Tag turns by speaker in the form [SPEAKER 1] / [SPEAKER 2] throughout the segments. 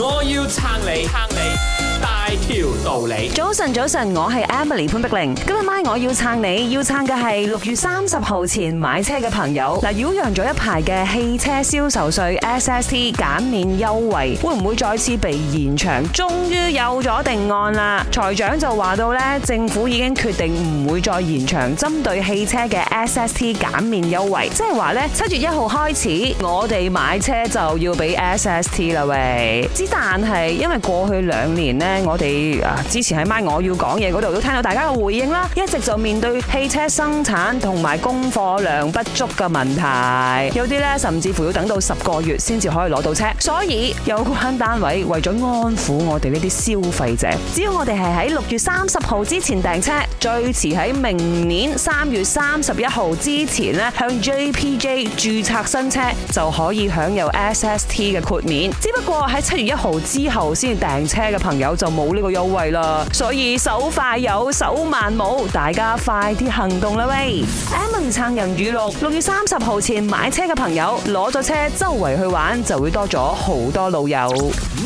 [SPEAKER 1] 我要撐你撐你大條道理。早
[SPEAKER 2] 晨早晨，我係 Emily 潘碧玲。今日晚我要撐你，要撐嘅係六月三十號前買車嘅朋友。嗱，擾攘咗一排嘅汽車銷售稅 SST 減免優惠，會唔會再次被延長？終於有咗定案啦！財長就話到呢，政府已經決定唔會再延長針對汽車嘅 SST 減免優惠，即係話呢，七月一號開始，我哋買車就要俾 SST 啦喂。但係，因為過去兩年呢，我哋啊之前喺 my 我要講嘢嗰度都聽到大家嘅回應啦，一直就面對汽車生產同埋供貨量不足嘅問題，有啲咧甚至乎要等到十個月先至可以攞到車。所以，有關單位為咗安撫我哋呢啲消費者，只要我哋係喺六月三十號之前訂車，最遲喺明年三月三十一號之前咧，向 JPJ 註冊新車就可以享有 SST 嘅豁免。只不過喺七月一。號之後先訂車嘅朋友就冇呢個優惠啦，所以手快有手慢冇，大家快啲行動啦喂！M 撐人語錄，六月三十號前買車嘅朋友攞咗車周圍去玩就會多咗
[SPEAKER 1] 好多老友。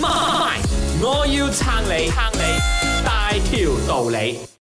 [SPEAKER 1] 賣！我要撐你，撐你大條道理。